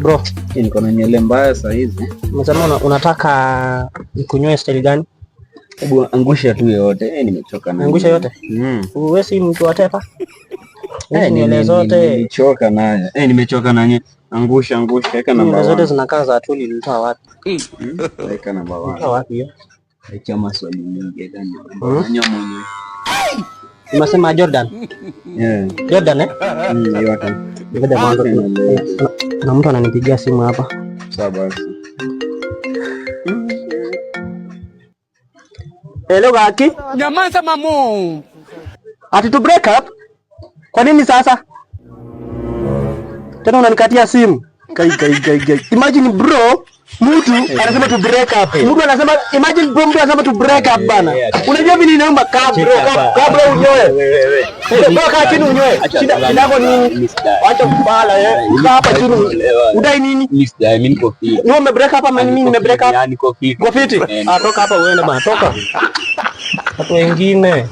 Bro, niko na nyele mbaya saa hizi. Mzama, unataka nikunywe style gani? Hebu angusha tu yote. Eh, nimechoka na Angusha yote? Mm. si mtu watepa tepa? Eh, nywele zote. Nimechoka nayo. Eh, nimechoka Angusha, angusha. Weka namba. Nywele zote zinakaa za tuli, nitoa wapi? Hmm. Hmm? Weka namba wapi? Nitoa wapi hiyo? Acha maswali mengi, weka nyo mwenye mwenyewe. Jordan? Yeah. Jordan eh? Mm, kuna mtu ananipigia simu hapa. Sawa basi. Hello Gaki. Nyamaza mamo. Ati tu break up? Kwa nini sasa? Tena unanikatia simu. Kai kai kai kai. Imagine bro. Mtu eh. anasema tu break up. Eh. Mtu anasema imagine bro, mtu anasema tu break up bana. Eh, Unajua mimi ninaomba kabro kabro ka bro unyoe. Ndio kaa chini unyoe. Shida yako ni acha kubala eh. Kaa hapa chini. Udai nini? Mimi mean coffee. Wewe ume break up ama ah, mimi nime break up? Niko Coffee. Ah, toka hapa wewe na bana, toka. Watu wengine